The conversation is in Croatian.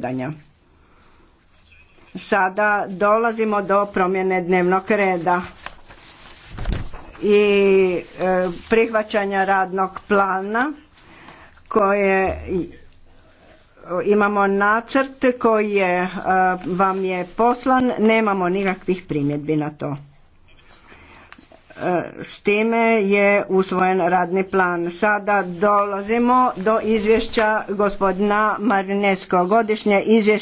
zasjedanja. Sada dolazimo do promjene dnevnog reda i e, prihvaćanja radnog plana koje imamo nacrt koji je, e, vam je poslan, nemamo nikakvih primjedbi na to. E, time je usvojen radni plan. Sada dolazimo do izvješća gospodina marineskog Godišnje izvješće